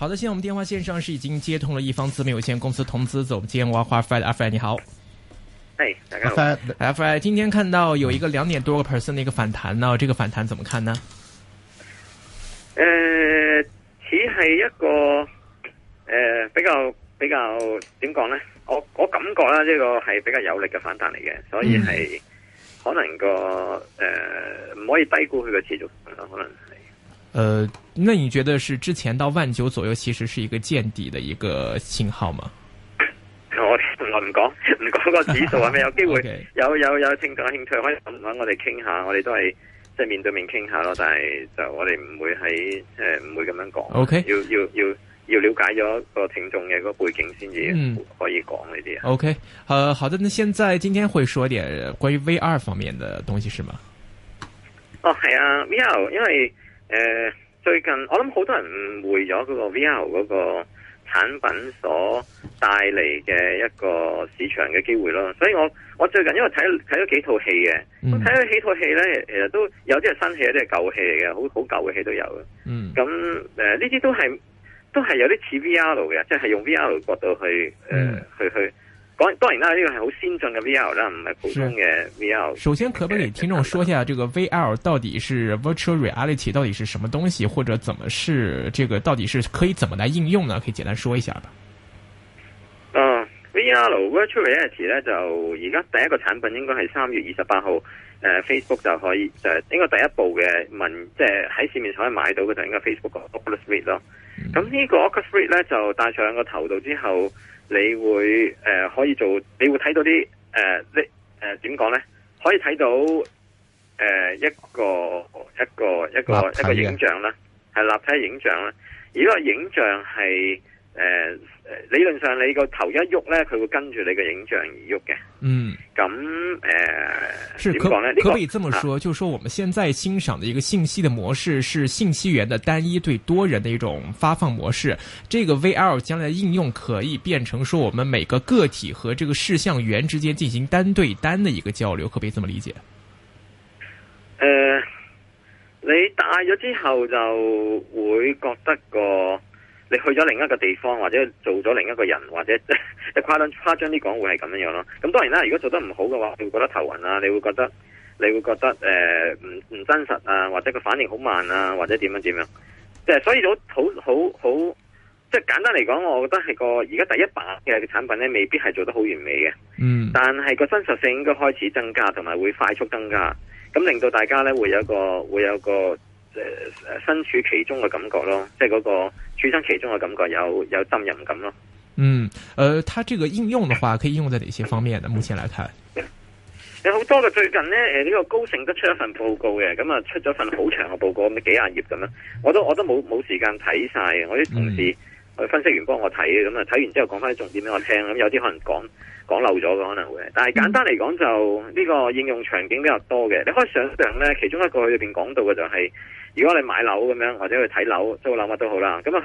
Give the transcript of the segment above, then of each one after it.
好的，現在我們電話線上是已經接通了一方資本有限公司投資總監王華 Fred，Fred 你好。誒，hey，大家好。Fred，今天看到有一個兩點多個 percent 的一個反彈呢，這個反彈怎麼看呢？呃，只是一個誒、呃、比較比較點講呢，我我感覺啦，呢個係比較有力嘅反彈嚟嘅，所以係可能個 Yeah. 呃，唔可以低估佢嘅持續可能。呃，那你覺得是之前到萬九左右，其實是一個見底的一個信號嗎？我我唔講，唔講個指數係、啊、咪 有機會？ Okay. 有有有聽眾興趣可以同我哋傾下，我哋都係即係面對面傾下咯。但係就我哋唔會喺誒唔會咁樣講。O Okay . K，要要要要了解咗個聽眾嘅個背景先至可、嗯、可以講呢啲。O、okay. K、呃、好的，那現在今天會說點關於 VR 方面的東西是嗎？哦，係啊，VR，因為。誒、呃，最近我諗好多人誤會咗嗰個 VR 嗰個產品所帶嚟嘅一個市場嘅機會咯，所以我我最近因為睇睇咗幾套戲嘅，睇咗幾套戲咧，其實都有啲係新戲，有啲係舊戲嚟嘅，好好舊嘅戲都有嘅。有嗯，咁、呃、誒，呢啲都係都係有啲似 VR 嘅，即、就、係、是、用 VR 角度去誒去、呃嗯、去。去講。當然啦，呢、這個係好先進嘅 VR 啦，唔係普通嘅 VR。首先，可唔可以聽眾說一下，這個 VR 到底是 Virtual Reality 到底是什麼東西，或者怎麼是這個，到底是可以怎麼來應用呢？可以簡單說一下吧。Uh, VR Virtual Reality 咧就而家第一個產品應該係三月二十八號。誒、uh,，Facebook 就可以，就係、是、應該第一步嘅問，即係喺市面上可以買到嘅就係、是、應該 Facebook、嗯、個 Oculus Rift 咯。咁呢個 Oculus Rift 咧，就戴上個頭度之後，你會誒、呃、可以做，你會睇到啲誒、呃呃呃、呢誒點講咧，可以睇到誒、呃、一個一個一個一個影像啦，係立體影像啦。而個影像係。誒，理論上你個頭一喐呢，佢會跟住你個影像而喐嘅。嗯，咁誒，點、呃、講是可、這個、可，可以這麼說，啊、就說我們現在欣賞的一個信息的模式是信息源的單一對多人的一種發放模式。這個 V L 將來的應用可以變成說，我們每個個體和這個視像源之間進行單對單的一個交流，可不可以這麼理解？誒、呃，你大咗之後就會覺得個。你去咗另一個地方，或者做咗另一個人，或者誇張誇張啲講會，會係咁樣樣咯。咁當然啦，如果做得唔好嘅話，你會覺得頭暈啊，你會覺得，你會覺得誒，唔、呃、唔真實啊，或者個反應好慢啊，或者點樣點樣。即係所以，我好好好，即係簡單嚟講，我覺得係個而家第一版嘅產品咧，未必係做得好完美嘅。嗯。但係個真實性應該開始增加，同埋會快速增加，咁令到大家咧會有一個會有一個。誒誒、呃，身處其中嘅感覺咯，即係嗰個處身其中嘅感覺有有浸淫感咯。嗯，誒、呃，佢呢個應用嘅話，可以用在哪些方面？目前來看，有好多嘅最近呢，誒呢個高盛都出一份報告嘅，咁啊，出咗份好長嘅報告，咁幾廿頁咁啦，我都我都冇冇時間睇晒我啲同事。分析完幫我睇，咁啊睇完之後講翻啲重點俾我聽，咁有啲可能講講漏咗嘅可能會，但係簡單嚟講就呢個應用場景比較多嘅，你可以想象咧，其中一個佢裏邊講到嘅就係如果你買樓咁樣或者去睇樓、租樓乜都好啦，咁啊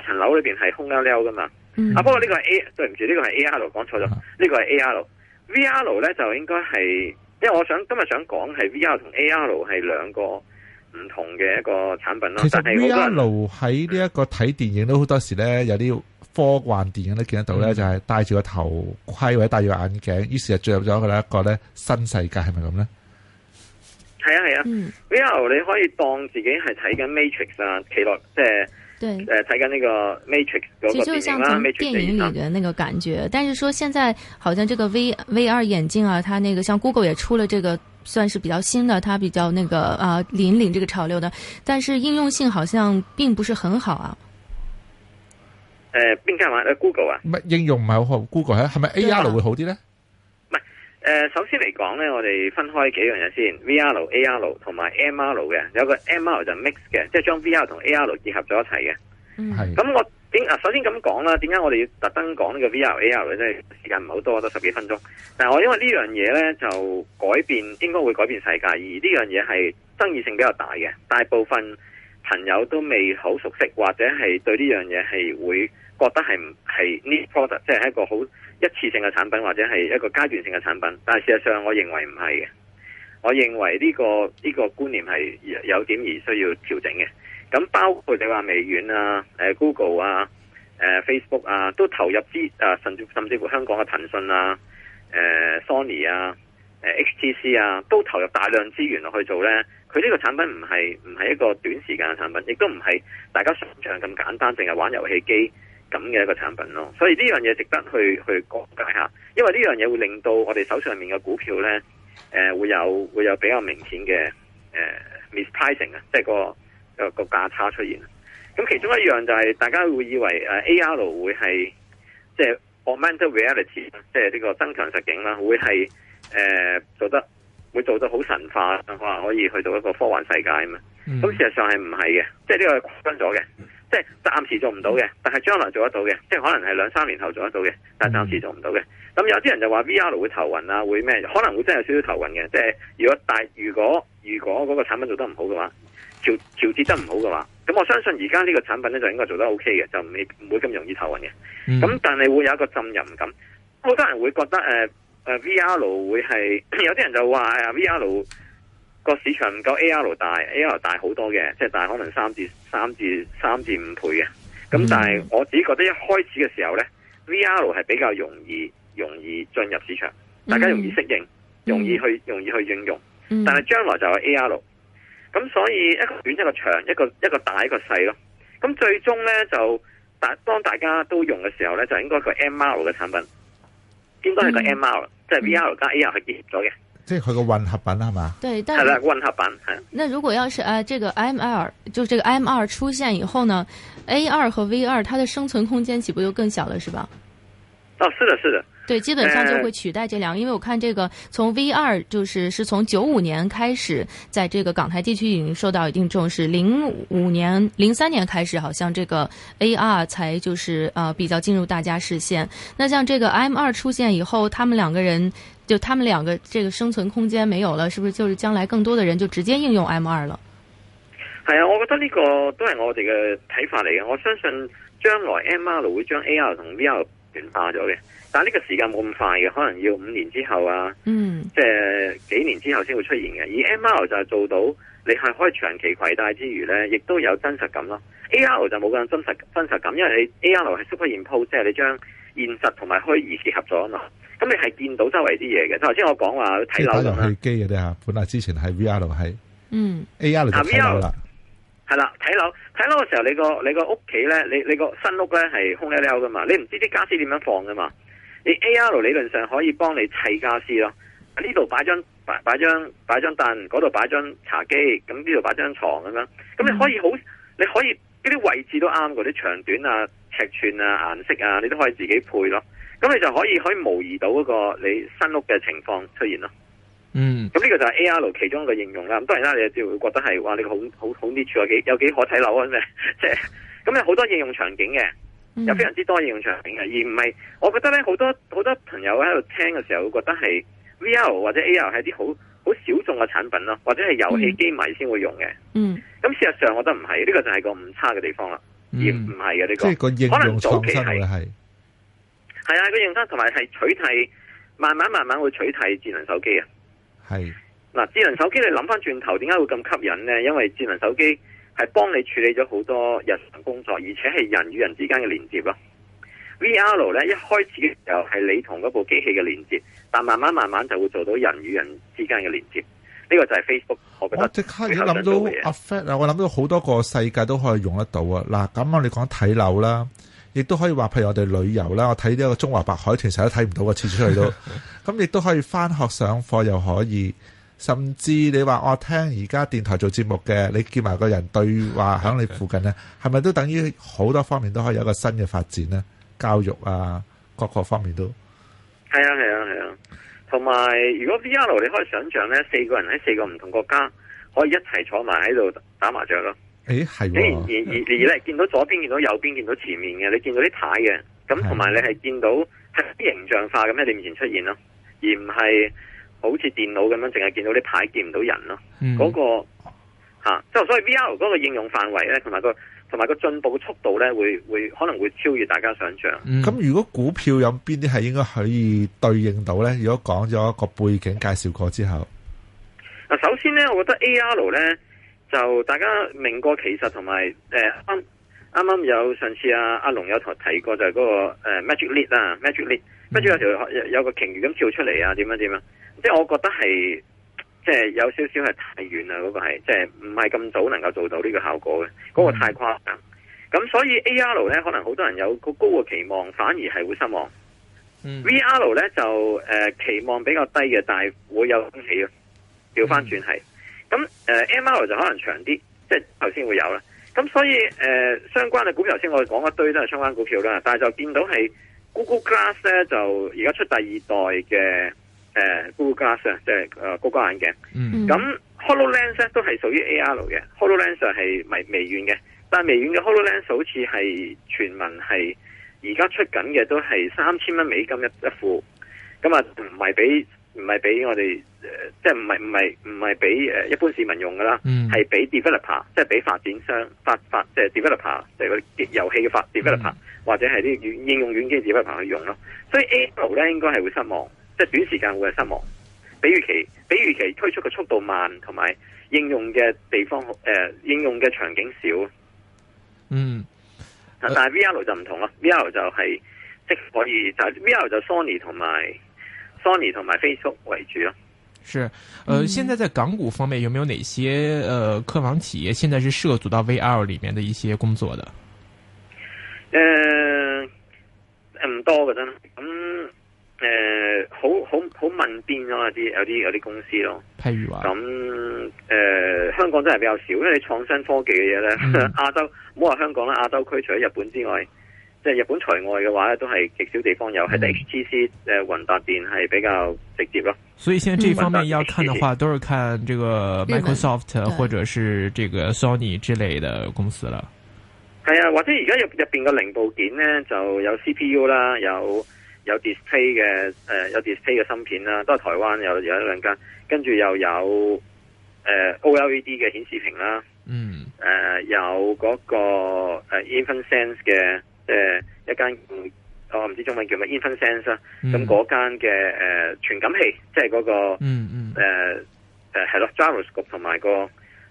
一層樓裏邊係空溜溜嘅嘛，啊、嗯、不過呢個係 A，對唔住呢個係 A R，講錯咗，呢個係 A R，V R 咧就應該係，因為我想今日想講係 V R 同 A R 係兩個。唔同嘅一個產品咯。是個其實 VR 喺呢一個睇電影都好多時咧，有啲科幻電影都見得到咧，嗯、就係戴住個頭盔或者戴住個眼鏡，於是就進入咗佢哋一個咧新世界，係咪咁咧？係啊係啊，VR、嗯、你可以當自己係睇緊 Matrix 啊，企落即係，誒睇緊呢個 Matrix 嗰個片段啦。電影裏嘅那，那個感覺，但是說現在好像這個 VR 眼鏡啊，它那個像 Google 也出了這個。算是比較新的，它比較那個啊引領這個潮流的，但是應用性好像並不是很好啊。誒、呃，邊間話？Google 啊？唔應用唔係好 Google 啊？係咪、啊、AR 會好啲咧？唔係誒，首先嚟講咧，我哋分開幾樣嘢先，VR、AR 同埋 MR 嘅，有個 MR 就 mix 嘅，即係將 VR 同 AR 結合咗一齊嘅。嗯，係、嗯。咁我。首先咁講啦，點解我哋要特登講呢個 VR AR 咧？即係時間唔係好多，得十幾分鐘。但係我因為呢樣嘢呢，就改變應該會改變世界，而呢樣嘢係爭議性比較大嘅。大部分朋友都未好熟悉，或者係對呢樣嘢係會覺得係唔係呢 product 即係一個好一次性嘅產品，或者係一個階段性嘅產品。但係事實上我，我認為唔係嘅。我認為呢個呢個觀念係有點而需要調整嘅。咁包括你話微軟啊、誒、呃、Google 啊、誒、呃、Facebook 啊，都投入資、啊、甚至甚至乎香港嘅騰訊啊、誒、呃、Sony 啊、誒、呃、HTC 啊，都投入大量資源落去做咧。佢呢個產品唔係唔係一個短時間嘅產品，亦都唔係大家想象咁簡單，淨係玩遊戲機咁嘅一個產品咯。所以呢樣嘢值得去去講解一下，因為呢樣嘢會令到我哋手上面嘅股票咧，誒、呃、會有會有比較明顯嘅誒 mispricing 啊，呃、ing, 即係個。個價差出現，咁其中一樣就係大家會以為誒 AR 會係即係 Augmented Reality 啦，即係呢個增強實境啦，會係誒、呃、做得會做得好神化，可能可以去到一個科幻世界嘛？咁事實上係唔係嘅，即係呢個跨溫咗嘅，即係暫時做唔到嘅，但係將來做得到嘅，即係可能係兩三年後做得到嘅，但係暫時做唔到嘅。咁有啲人就話 VR 會頭暈啊，會咩？可能會真係有少少頭暈嘅。即係如果但，如果如果嗰個產品做得唔好嘅話。調調節得唔好嘅話，咁我相信而家呢個產品咧就應該做得 OK 嘅，就唔會唔會咁容易頭暈嘅。咁但係會有一個浸淫感，好多人會覺得誒、呃呃、VR 會係， 有啲人就話、啊、VR 個市場唔夠 AR 大，AR 大好多嘅，即、就、係、是、大可能三至三至三至五倍嘅。咁但係我自己覺得一開始嘅時候呢 VR 係比較容易容易進入市場，大家容易適應，嗯、容易去容易去應用，嗯、但係將來就係 AR。咁、嗯、所以一個短一個長，一個一個大一個細咯，咁、嗯、最終咧就大幫大家都用嘅時候咧就應該是個 M R 嘅產品，應該係個 M R、嗯、即係 V R 加 A R 係結咗嘅，即係佢個混合品係嘛？對，係啦混合品係。那如果要是誒，這個 M R 就這個 M R 出現以後呢，A 二和 V 二，它的生存空間豈不就更小了？是吧？哦，是的，是的。對，基本上就會取代這兩個，呃、因為我看這個從 V R 就是是從九五年開始，在這個港台地區已經受到一定重視。零五年、零三年開始，好像這個 A R 才就是，呃比較進入大家視線。那像這個 M R 出現以後，他們兩個人就他們兩個這個生存空間沒有了，是不是就是將來更多的人就直接應用 M R 了？是啊，我覺得呢個都係我哋嘅睇法嚟。我相信將來 M R 會將 A R 同 V R。轉化咗嘅，但係呢個時間冇咁快嘅，可能要五年之後啊，嗯、即係幾年之後先會出現嘅。而 M R 就係做到你係可以長期攜帶之餘咧，亦都有真實感咯。A R 就冇咁真實真實感，因為你 A R 係 superimpose，即係你將現實同埋虛擬結合咗嘛。咁你係見到周圍啲嘢嘅。頭先我講話睇樓，即係打入去機啲本來之前係 V R 係，嗯 A R 啦。係啦，睇樓睇樓嘅時候你，你個你個屋企呢，你你個新屋呢，係空溜溜㗎嘛，你唔知啲家私點樣放噶嘛？你 AR 理論上可以幫你砌家私咯，呢度擺張擺張凳，嗰度擺張茶幾，咁呢度擺張床咁樣，咁你可以好，你可以嗰啲位置都啱，嗰啲長短啊、尺寸啊、顏色啊，你都可以自己配咯，咁你就可以可以模擬到嗰個你新屋嘅情況出現咯。嗯，咁呢、嗯、個就係 A.R. 其中一個應用啦。咁當然啦，你就會覺得係，哇！你個好好好 niche 啊，有幾可睇樓啊，咩、 嗯？即係咁有好多應用場景嘅，有非常之多應用場景嘅，而唔係我覺得咧，好多好多朋友喺度聽嘅時候會覺得係 V.R. 或者 A.R. 係啲好好小眾嘅產品咯，或者係遊戲、嗯、機迷先會用嘅。嗯，咁事、嗯、實上我覺得唔係，呢、這個就係個唔差嘅地方啦，而唔係嘅呢個，個可能早期係係係啊，佢用得同埋係取替，慢慢慢慢會取替智，智能手機啊。係嗱，是智能手機你諗翻轉頭，點解會咁吸引呢？因爲智能手機係幫你處理咗好多日常工作，而且係人與人之間嘅連接咯。V R 呢，一開始嘅時候係你同一部機器嘅連接，但慢慢慢慢就會做到人與人之間嘅連接。呢個就係 Facebook。我即刻已經諗到 Affect 啊，我諗到好多個世界都可以用得到啊。嗱，咁我哋講睇樓啦。亦都可以話，譬如我哋旅遊啦，我睇呢個中華白海豚成日都睇唔到個次出嚟都。咁亦都可以返學上課又可以，甚至你話我聽而家電台做節目嘅，你見埋個人對話響你附近呢，係咪 都等於好多方面都可以有個個新嘅發展呢？教育啊，各個方面都。係啊係啊係啊，同埋、啊啊、如果 VR 你可以想象呢，四個人喺四個唔同國家，可以一齊坐埋喺度打麻雀咯。誒係，而而而你係見到左邊，見到右邊，見到前面嘅，你見到啲牌嘅，咁同埋你係見到係啲形象化咁喺你面前出現咯，而唔係好似電腦咁樣淨係見到啲牌，見唔到人咯。嗰、嗯那個吓，即、啊、係所以 V R 嗰個應用範圍咧，同埋個同埋個進步速度咧，會會可能會超越大家想象。咁、嗯、如果股票有邊啲係應該可以對應到咧？如果講咗一個背景介紹過之後，嗱，首先咧，我覺得 A R 咧。就大家明過其實同埋誒，啱啱有、呃、有上次阿、啊、阿龍有台，提過就係嗰、那個誒、呃、Magic Leap 啊，Magic Leap 有條有個鯨魚咁跳出嚟啊，點樣點樣？即係我覺得係即係有少少係太遠啦，嗰、那個係即係唔係咁早能夠做到呢個效果嘅，嗰、嗯、個太誇張。咁所以 A R 咧，可能好多人有個高嘅期望，反而係會失望。V R 咧就誒、呃、期望比較低嘅，但係會有驚喜咯。調翻轉係。嗯咁誒 m r 就可能長啲，即係頭先會有啦。咁所以誒、呃，相關嘅股票頭先我哋講一堆都係相關股票啦。但係就見到係 Google Glass 咧，就而家出第二代嘅、呃、Google Glass，即係谷歌眼鏡。咁、嗯、HoloLens 咧都係屬於 AR 嘅，HoloLens 係微微軟嘅，但係微軟嘅 HoloLens 好似係全民係而家出緊嘅都係三千蚊美金一一副，咁啊唔係俾唔係俾我哋。誒，即係唔係唔係唔係俾誒一般市民用噶啦，係俾、嗯、developer，即係俾發展商發發，即係 developer，即係啲遊戲嘅發、就是、developer，、嗯、或者係啲應用軟件 developer 去用咯。所以 AR 咧應該係會失望，即係短時間會係失望，比預期比預期推出嘅速度慢，同埋應用嘅地方誒、呃，應用嘅場景少。嗯，但係 VR 就唔同咯、啊、，VR 就係即係可以就是、VR 就 Sony 同埋 Sony 同埋 Facebook 為主咯。是，呃，嗯、現在在港股方面，有沒有哪些，呃，客房企業現在是涉足到 VR 裏面的一些工作的？誒、呃，唔、呃、多噶啫，咁、嗯、誒、呃，好好好問邊咯，有啲有啲有啲公司咯，譬如話，咁誒、嗯呃，香港真係比較少，因為你創新科技嘅嘢咧，亞洲唔好話香港啦，亞洲區除咗日本之外。即係日本除外嘅話咧，都係極少地方有在 TC，嗯，喺 HTC 誒，宏達電係比較直接咯。所以現在這方面要看嘅話，嗯、都是看這個 Microsoft 或者是這個 Sony 之類的公司啦。係啊，對或者而家入入邊嘅零部件咧，就有 CPU 啦，有有 display 嘅誒，有 display 嘅、呃、Dis 芯片啦，都係台灣有有一兩間，跟住又有誒、呃、OLED 嘅顯示屏啦。嗯，誒、呃、有嗰、那個誒 InfinSense 嘅。呃 In 誒、呃，一間我唔知中文叫乜 InfinSense，嗯、s 咁，嗰間嘅誒傳感器，即係嗰、嗰個，嗯嗯，誒誒係咯 gyroscope 同埋個，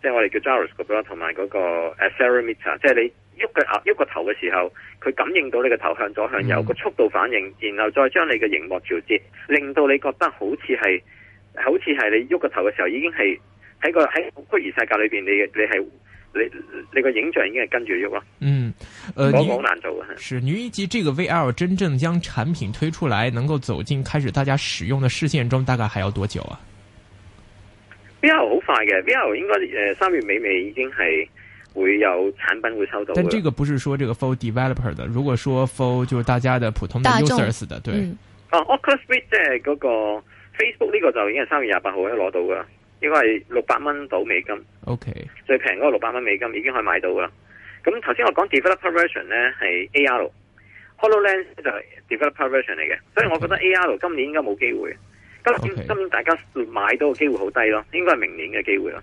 即係我哋叫 gyroscope 咯，同埋嗰個誒 accelerometer 即係你喐嘅啊，喐個頭嘅時候，佢感應到你嘅頭向左向右，嗯、個速度反應，然後再將你嘅熒幕調節，令到你覺得好似係，好似係你喐個頭嘅時候已經係喺、嗰個喺虛擬世界裏邊，你你係。你你個影像已經係跟住喐咯，嗯，我、呃、好不、呃、難做嘅。是，女一及這個 VR 真正將產品推出來，能夠走進開始大家使用的視線中，大概還要多久啊？VR 好快嘅，VR 應該誒三月尾尾已經係會有產品會收到了。但這個不是說這個 for developer 的，如果說 for 就是大家的普通的 users 的，眾對，哦，Oculus 即係嗰個 Facebook 呢個就已經係三月廿八號可以攞到噶喇。應該係六百蚊到美金，OK，最平嗰個六百蚊美金已經可以買到啦。咁頭先我講 developer version 咧，係 AR HoloLens 就係 developer version 嚟嘅，所以我覺得 AR 今年應該冇機會，Okay. 今今，今年大家買到嘅機會好低咯，應該係明年嘅機會咯。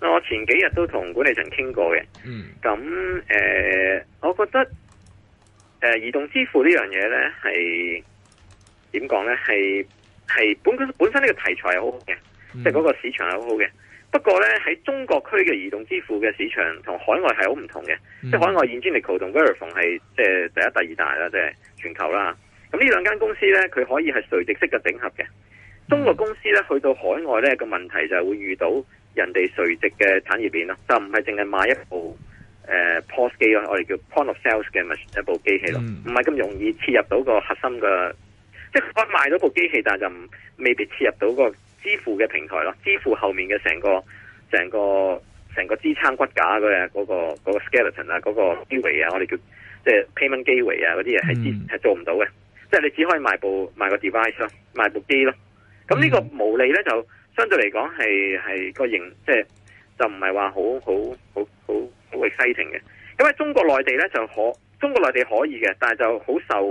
我前幾日都同管理層傾過嘅，咁誒、嗯呃，我覺得誒、呃，移動支付呢樣嘢咧，係點講咧？係係本本身呢個題材係好好嘅，即係嗰個市場係好好嘅。不過咧，喺中國區嘅移動支付嘅市場同海外係好唔同嘅。即係、嗯、海外 Ingenico 同 Verifone 係即係第一、第二大啦，即係全球啦。咁呢兩間公司咧，佢可以係垂直式嘅整合嘅。中國公司咧，去到海外咧，個問題就係會遇到。人哋垂直嘅產業鏈咯，就唔係淨係買一部誒 POS 機咯，我哋叫 point of sales 嘅一部機器咯，唔係咁容易切入到個核心嘅，即係我賣到部機器，但係就未必切入到個支付嘅平台咯，支付後面嘅成個成個成個支撐骨架嘅嗰個嗰個 skeleton 啊，嗰個 gateway 啊，我哋叫即係 payment gateway 啊嗰啲嘢係支做唔到嘅，即係你只可以賣部賣個 device 咯，賣部機咯，咁呢個毛利咧就。相對嚟講係係個型，即係就唔係話好好好好好 exciting 嘅。因為中國內地咧就可，中國內地可以嘅，但係就好受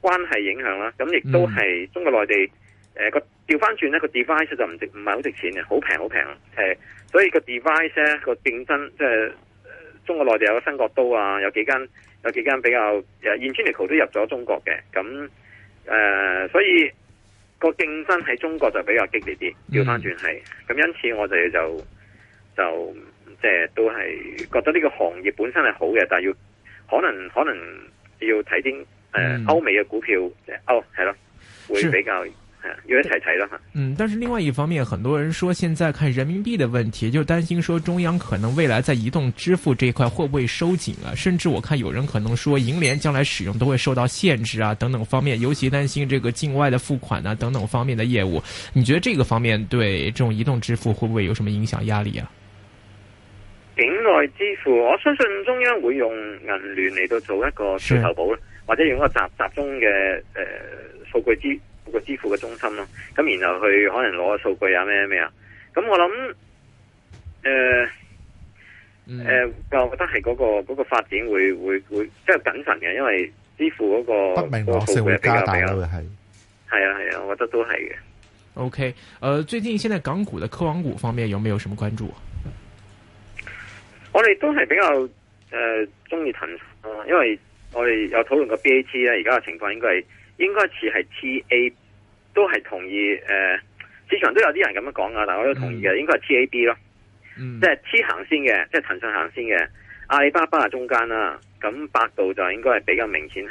關係影響啦。咁亦都係中國內地誒個調翻轉咧個 device 就唔值唔係好值錢嘅，好平好平誒。所以個 device 咧個競爭即係中國內地有個新國都啊，有幾間有幾間比較 technical 都入咗中國嘅。咁誒、呃，所以。個競爭喺中國就比較激烈啲，調返轉係，咁因此我就就就即係都係覺得呢個行業本身係好嘅，但係要可能可能要睇啲誒歐美嘅股票，歐係咯，會比較。要一齊睇啦，嗯，但是另外一方面，很多人說現在看人民幣的問題，就擔心說中央可能未來在移動支付這一塊會不會收緊啊？甚至我看有人可能說銀聯將來使用都會受到限制啊，等等方面，尤其擔心這個境外的付款啊等等方面的業務。你覺得這個方面對這種移動支付會不會有什麼影響壓力啊？境內支付，我相信中央會用銀聯嚟到做一個巨頭保是或者用一個集集中嘅誒數據支。呃嗰個支付嘅中心咯，啊，咁然後佢可能攞個數據啊咩咩啊，咁我諗，誒、呃，誒、嗯呃，我覺得係嗰，那個、那個發展會會會即係謹慎嘅，因為支付嗰，那個，不明性會加大會係，係啊係啊，我覺得都係嘅。OK，誒、呃，最近現在港股嘅科網股方面有冇有什麼關注我哋都係比較誒中意騰訊，因為我哋有討論過 BAT 咧，而家嘅情況應該係。應該似係 T A，都係同意誒、呃，市場都有啲人咁樣講噶，但係我都同意嘅，嗯、應該係 T A B 咯，嗯、即係 T 行先嘅，即係騰訊行先嘅，阿里巴巴係中間啦，咁百度就應該係比較明顯係誒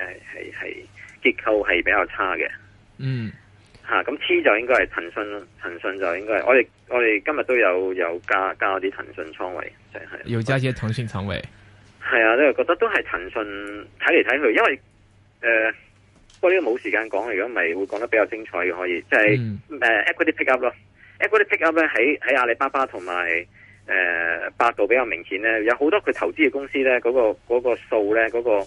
係係結構係比較差嘅，嗯，吓咁、啊、T 就應該係騰訊，騰訊就應該係我哋我哋今日都有有加加啲騰訊倉位，係、就、係、是、有加啲騰訊倉位，係、嗯、啊都都睇嚟睇去，因為覺得都係騰訊睇嚟睇去，因為誒。不過呢個冇時間講，如果唔係會講得比較精彩嘅，可以即係誒，equity pick up 咯，uh，equity pick up 咧喺喺阿里巴巴同埋誒百度比較明顯咧，有好多佢投資嘅公司咧，嗰個嗰個數咧，嗰個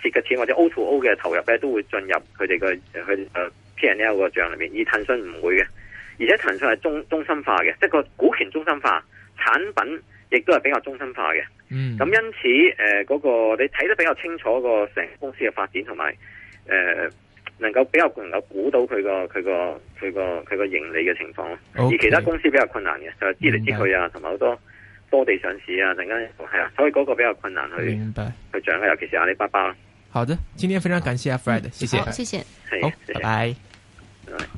蝕嘅錢或者 O to O 嘅投入咧，都會進入佢哋嘅佢誒 P and L 個賬裏面，而騰訊唔會嘅，而且騰訊係中中心化嘅，即係個股權中心化，產品亦都係比較中心化嘅。嗯，咁因此誒嗰個你睇得比較清楚個成公司嘅發展同埋。誒、呃，能夠比較能夠估到佢個佢個佢個佢個盈利嘅情況咯，而 Okay. 其他公司比較困難嘅就係知嚟知去啊，同埋好多多地上市啊，陣間係啊，所以嗰個比較困難去白去掌握，尤其是阿里巴巴。好的，今天非常感謝阿 Fred，謝謝、嗯，謝謝，好，拜拜。拜拜。